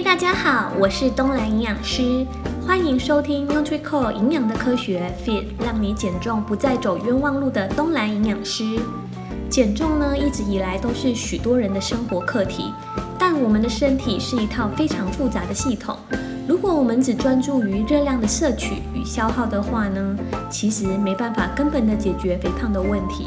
Hey, 大家好，我是東蘭營養師，歡迎收聽 NutriCore 營養的科學 feat. 讓你減重不再走冤枉路的東蘭營養師。減重呢，一直以來都是許多人的生活課題，但我們的身體是一套非常複雜的系統，如果我們只專注於熱量的攝取與消耗的話呢，其實沒辦法根本的解決肥胖的問題。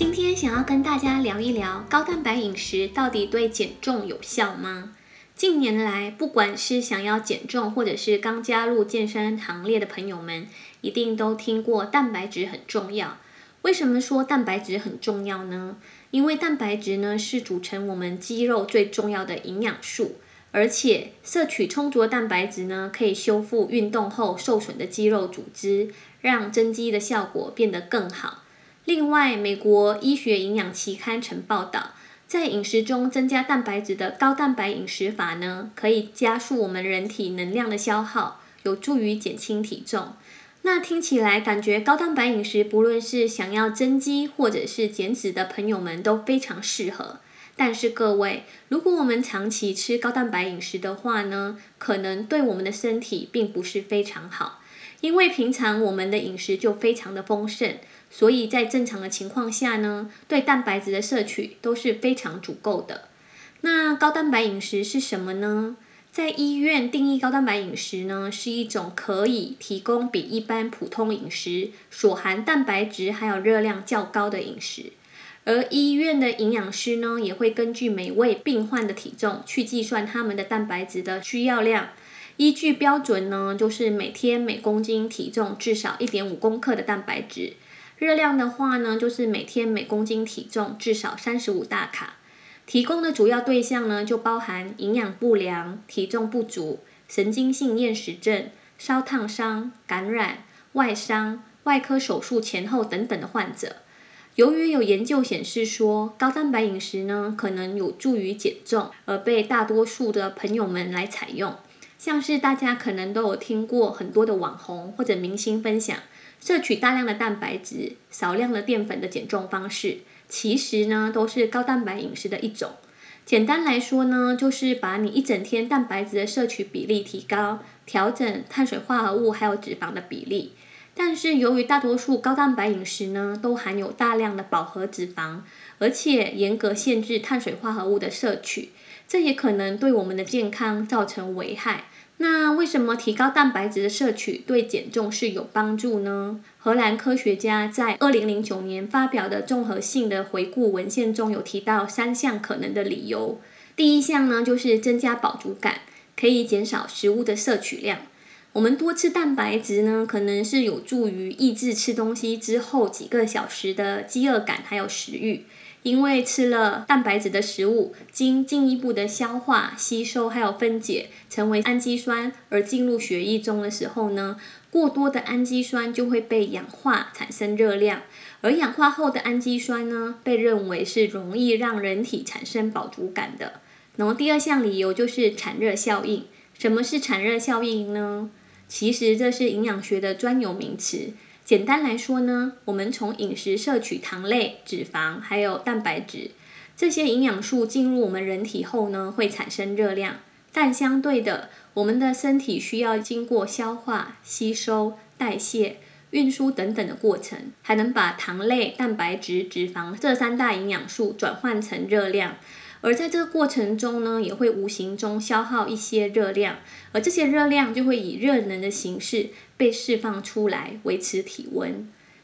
今天想要跟大家聊一聊高蛋白飲食到底對減重有效嗎？近年來，不管是想要減重，或者是剛加入健身行列的朋友們，一定都聽過蛋白質很重要。為什麼說蛋白質很重要呢？因為蛋白質呢是組成我們肌肉最重要的營養素，而且攝取充足的蛋白質呢，可以修復運動後受損的肌肉組織，讓增肌的效果變得更好。另外，美國醫學營養期刊曾報道，在飲食中增加蛋白質的高蛋白飲食法呢，可以加速我們人體能量的消耗，有助於減輕體重。那聽起來感覺高蛋白飲食，不論是想要增肌或者是減脂的朋友們都非常適合。但是各位，如果我們長期吃高蛋白飲食的話呢，可能對我們的身體並不是非常好。因為平常我們的飲食就非常的豐盛，所以在正常的情況下呢，對蛋白質的攝取都是非常足夠的。那高蛋白飲食是什麼呢？在醫院定義高蛋白飲食呢，是一種可以提供比一般普通飲食所含蛋白質還有熱量較高的飲食。而醫院的營養師呢，也會根據每位病患的體重去計算他們的蛋白質的需要量。依據標準呢，就是每天每公斤體重至少一點五公克的蛋白質，熱量的話呢，就是每天每公斤體重至少三十五大卡。提供的主要對象呢，就包含營養不良、體重不足、神經性厭食症、燒燙傷、感染、外傷、外科手術前後等等的患者。由於有研究顯示說，高蛋白飲食呢，可能有助於減重，而被大多數的朋友們來採用。像是大家可能都有聽過很多的網紅或者明星分享，攝取大量的蛋白質、少量的澱粉的減重方式，其實呢都是高蛋白飲食的一種。簡單來說呢，就是把你一整天蛋白質的攝取比例提高，調整碳水化合物還有脂肪的比例。但是，由於大多數高蛋白飲食呢，都含有大量的飽和脂肪，而且嚴格限制碳水化合物的攝取，這也可能對我們的健康造成危害。那為什麼提高蛋白質的攝取對減重是有幫助呢？荷蘭科學家在二零零九年發表的綜合性的回顧文獻中有提到三項可能的理由。第一項呢，就是增加飽足感，可以減少食物的攝取量。我們多吃蛋白質呢，可能是有助於抑制吃東西之後幾個小時的飢餓感還有食欲，因為吃了蛋白質的食物，經進一步的消化、吸收還有分解，成為氨基酸而進入血液中的時候呢，過多的氨基酸就會被氧化產生熱量，而氧化後的氨基酸呢，被認為是容易讓人體產生飽足感的。然後第二項理由就是產熱效應。什麼是產熱效應呢？其實這是營養學的專有名詞。簡單來說呢，我們從飲食攝取糖類、脂肪還有蛋白質，這些營養素進入我們人體後呢，會產生熱量。但相對的，我們的身體需要經過消化、吸收、代謝、運輸等等的過程，才能把糖類、蛋白質、脂肪這三大營養素轉換成熱量。而在這個過程中呢，也會無形中消耗一些熱量，而這些熱量就會以熱能的形式被釋放出來，維持體溫。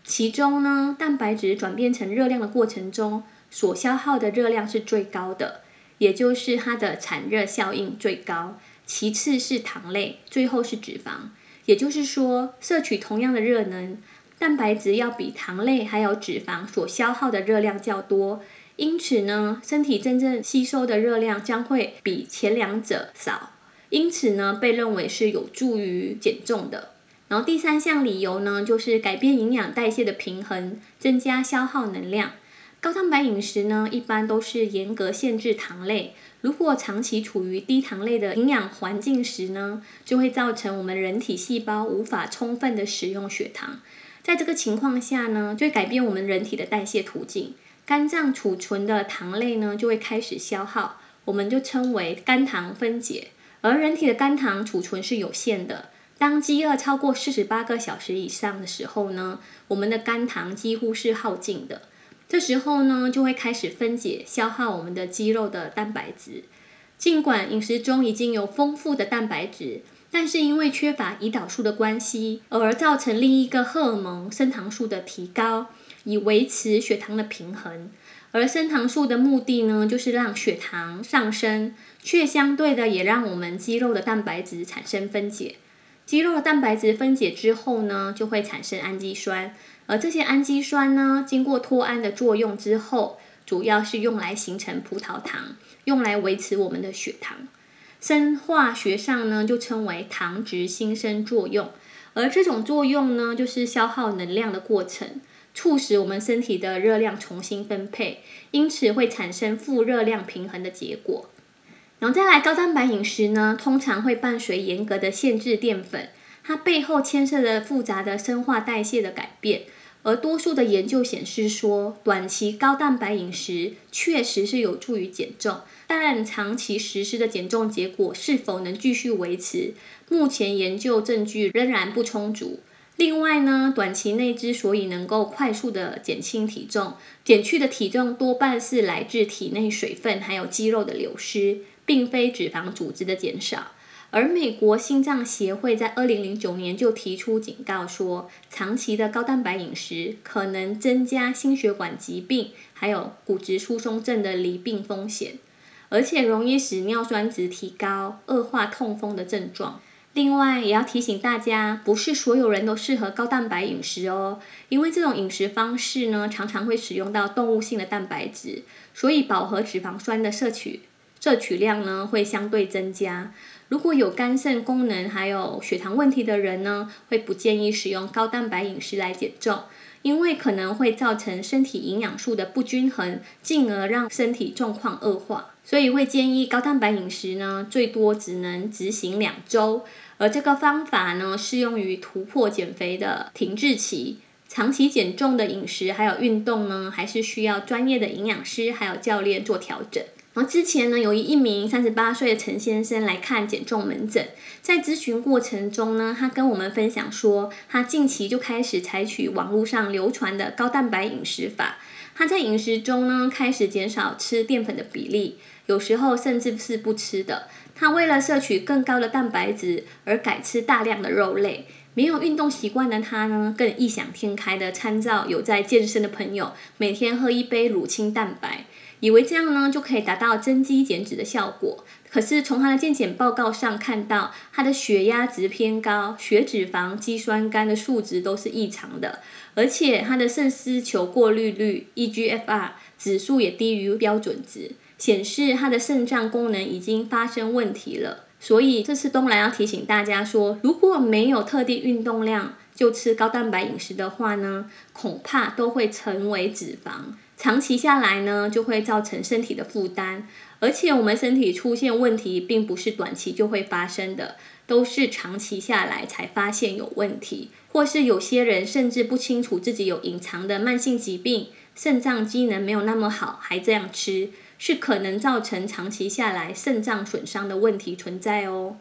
其中呢，蛋白質轉變成熱量的過程中所消耗的熱量是最高的，也就是它的產熱效應最高。其次是糖類，最後是脂肪。也就是說，攝取同樣的熱能，蛋白質要比糖類還有脂肪所消耗的熱量較多。因此呢，身體真正吸收的熱量將會比前兩者少，因此呢，被認為是有助於減重的。然後第三項理由呢，就是改變營養代謝的平衡，增加消耗能量。高蛋白飲食呢，一般都是嚴格限制糖類。如果長期處於低糖類的營養環境時呢，就會造成我們人體細胞無法充分的使用血糖。在這個情況下呢，就會改變我們人體的代謝途徑。肝臟儲存的糖類呢，就會開始消耗，我們就稱為肝糖分解。而人體的肝糖儲存是有限的，當飢餓超過四十八個小時以上的時候呢，我們的肝糖幾乎是耗盡的。這時候呢，就會開始分解消耗我們的肌肉的蛋白質。儘管飲食中已經有豐富的蛋白質，但是因為缺乏胰島素的關係，而，而造成另一個荷爾蒙升糖素的提高。以維持血糖的平衡，而升糖素的目的呢，就是讓血糖上升，卻相對的也讓我們肌肉的蛋白質產生分解。肌肉的蛋白質分解之後呢，就會產生氨基酸，而這些氨基酸呢，經過脫氨的作用之後，主要是用來形成葡萄糖，用來維持我們的血糖。生化學上呢，就稱為糖質新生作用，而這種作用呢，就是消耗能量的過程。促使我們身體的熱量重新分配，因此會產生負熱量平衡的結果。然後再來高蛋白飲食呢，通常會伴隨嚴格的限制澱粉，它背後牽涉了複雜的生化代謝的改變。而多數的研究顯示說，短期高蛋白飲食確實是有助於減重，但長期實施的減重結果是否能繼續維持，目前研究證據仍然不充足。另外呢，短期內之所以能夠快速的減輕體重，減去的體重多半是來自體內水分還有肌肉的流失，並非脂肪組織的減少。而美國心臟協會在二零零九年就提出警告說，長期的高蛋白飲食可能增加心血管疾病還有骨質疏鬆症的罹病風險，而且容易使尿酸值提高，惡化痛風的症狀。另外，也要提醒大家，不是所有人都適合高蛋白飲食哦。因為這種飲食方式呢，常常會使用到動物性的蛋白質，所以飽和脂肪酸的攝取攝取量呢，會相對增加。如果有肝腎功能還有血糖問題的人呢，會不建議使用高蛋白飲食來減重，因為可能會造成身體營養素的不均衡，進而讓身體狀況惡化。所以會建議高蛋白飲食呢，最多只能執行兩週，而這個方法呢，適用於突破減肥的停滯期，長期減重的飲食還有運動呢，還是需要專業的營養師還有教練做調整。然後之前呢，有一名三十八歲的陳先生來看減重門診，在諮詢過程中呢，他跟我們分享說，他近期就開始採取網絡上流傳的高蛋白飲食法，他在飲食中呢，開始減少吃澱粉的比例。有時候甚至是不吃的。他為了攝取更高的蛋白質而改吃大量的肉類。沒有運動習慣的他呢，更異想天開的參照有在健身的朋友，每天喝一杯乳清蛋白，以為這樣呢，就可以達到增肌減脂的效果。可是從他的健檢報告上看到，他的血壓值偏高，血脂肪、肌酸酐的數值都是異常的，而且他的腎絲球過濾率 （eGFR） 指數也低於標準值。顯示他的腎臟功能已經發生問題了，所以這次東蘭要提醒大家說，如果沒有特定運動量就吃高蛋白飲食的話呢，恐怕都會成為脂肪，長期下來呢就會造成身體的負擔，而且我們身體出現問題並不是短期就會發生的，都是長期下來才發現有問題，或是有些人甚至不清楚自己有隱藏的慢性疾病，腎臟機能沒有那麼好，還這樣吃。是可能造成長期下來腎臟損傷的問題存在哦。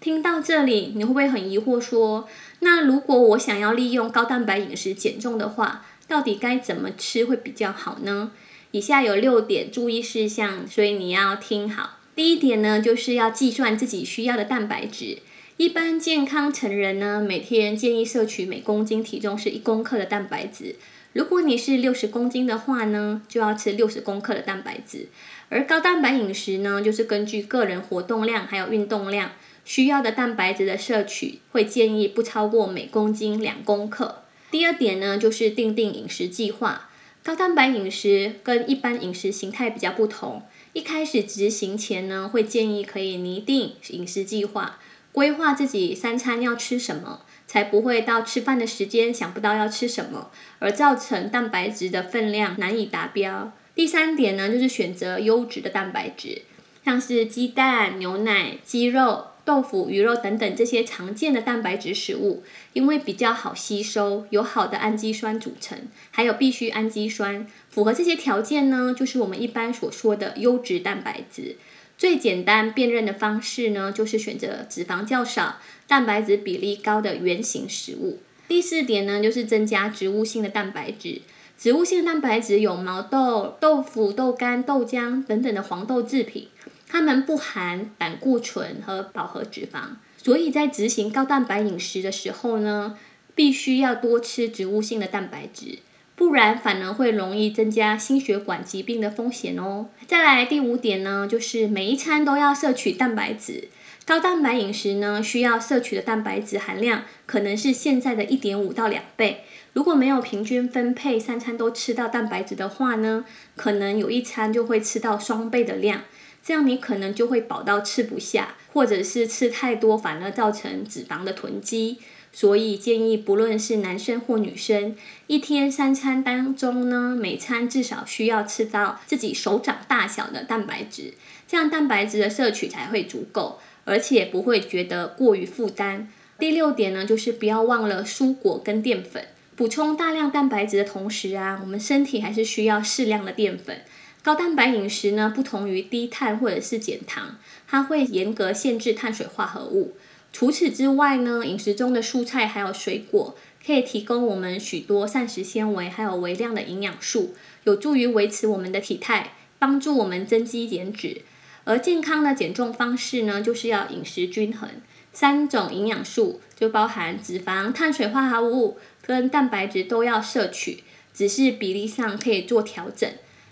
聽到這裡，你會不會很疑惑說，那如果我想要利用高蛋白飲食減重的話，到底該怎麼吃會比較好呢？以下有六點注意事項，所以你要聽好。第一點呢，就是要計算自己需要的蛋白質。一般健康成人呢，每天建議攝取每公斤體重是一公克的蛋白質。如果你是六十公斤的話呢，就要吃六十公克的蛋白質。而高蛋白飲食呢，就是根據個人活動量還有運動量需要的蛋白質的攝取，會建議不超過每公斤兩公克。第二點呢，就是訂定飲食計劃。高蛋白飲食跟一般飲食形態比較不同，一開始執行前呢，會建議可以擬定飲食計劃，規劃自己三餐要吃什麼。才不會到吃飯的時間想不到要吃什麼，而造成蛋白質的分量難以達標。第三點呢，就是選擇優質的蛋白質，像是雞蛋、牛奶、雞肉、豆腐、魚肉等等這些常見的蛋白質食物，因為比較好吸收，有好的氨基酸組成，還有必需氨基酸，符合這些條件呢，就是我們一般所說的優質蛋白質。最簡單辨認的方式呢，就是選擇脂肪較少、蛋白質比例高的原型食物。第四點呢，就是增加植物性的蛋白質。植物性的蛋白質有毛豆、豆腐、豆乾、豆漿等等的黃豆製品，它們不含膽固醇和飽和脂肪，所以在執行高蛋白飲食的時候呢，必須要多吃植物性的蛋白質。不然，反而會容易增加心血管疾病的風險哦。再來第五點呢，就是每一餐都要攝取蛋白質。高蛋白飲食呢，需要攝取的蛋白質含量可能是現在的一點五到兩倍。如果沒有平均分配，三餐都吃到蛋白質的話呢，可能有一餐就會吃到雙倍的量，這樣你可能就會飽到吃不下，或者是吃太多，反而造成脂肪的囤積。所以建議，不論是男生或女生，一天三餐當中呢，每餐至少需要吃到自己手掌大小的蛋白質，這樣蛋白質的攝取才會足夠，而且不會覺得過於負擔。第六點呢，就是不要忘了蔬果跟澱粉，補充大量蛋白質的同時啊，我們身體還是需要適量的澱粉。高蛋白飲食呢，不同於低碳或者是減糖，它會嚴格限制碳水化合物。除此之外呢，飲食中的蔬菜還有水果，可以提供我們許多膳食纖維，還有微量的營養素，有助於維持我們的體態，幫助我們增肌減脂。而健康的減重方式呢，就是要飲食均衡，三種營養素就包含脂肪、碳水化合物跟蛋白質都要攝取，只是比例上可以做調整。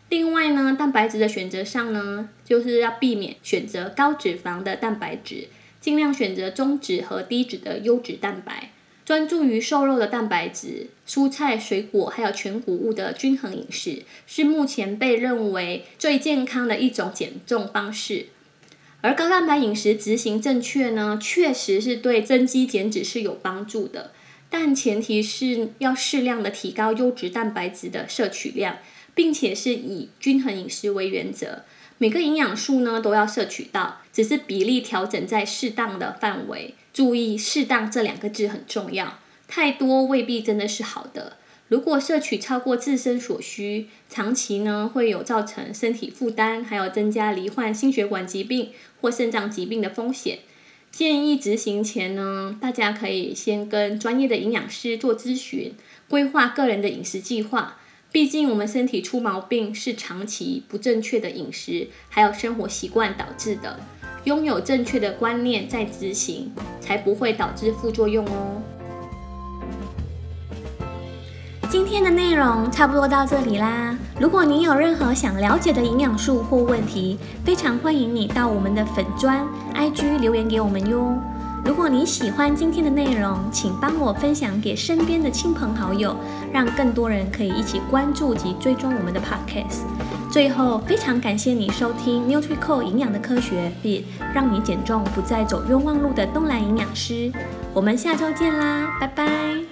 另外呢，蛋白質的選擇上呢，就是要避免選擇高脂肪的蛋白質。盡量選擇中脂和低脂的優質蛋白，專注於瘦肉的蛋白質、蔬菜、水果，還有全穀物的均衡飲食，是目前被認為最健康的一種減重方式。而高蛋白飲食執行正確呢，確實是對增肌減脂是有幫助的，但前提是要適量的提高優質蛋白質的攝取量，並且是以均衡飲食為原則，每個營養素呢都要攝取到。只是比例調整在適當的範圍，注意“適當”這兩個字很重要。太多未必真的是好的。如果攝取超過自身所需，長期呢會有造成身體負擔，還有增加罹患心血管疾病或腎臟疾病的風險。建議執行前呢，大家可以先跟專業的營養師做諮詢，規劃個人的飲食計劃。畢竟我們身體出毛病是長期不正確的飲食，還有生活習慣導致的。擁有正確的觀念再執行，才不會導致副作用哦。今天的內容差不多到這裡啦。如果你有任何想了解的營養素或問題，非常歡迎你到我們的粉專 IG 留言給我們喲。如果你喜歡今天的內容，請幫我分享給身邊的親朋好友，讓更多人可以一起關注及追蹤我們的 Podcast。最後，非常感謝你收聽 NutriCore 營養的科學，並讓你減重不再走冤枉路的東蘭營養師。我們下周見啦，拜拜。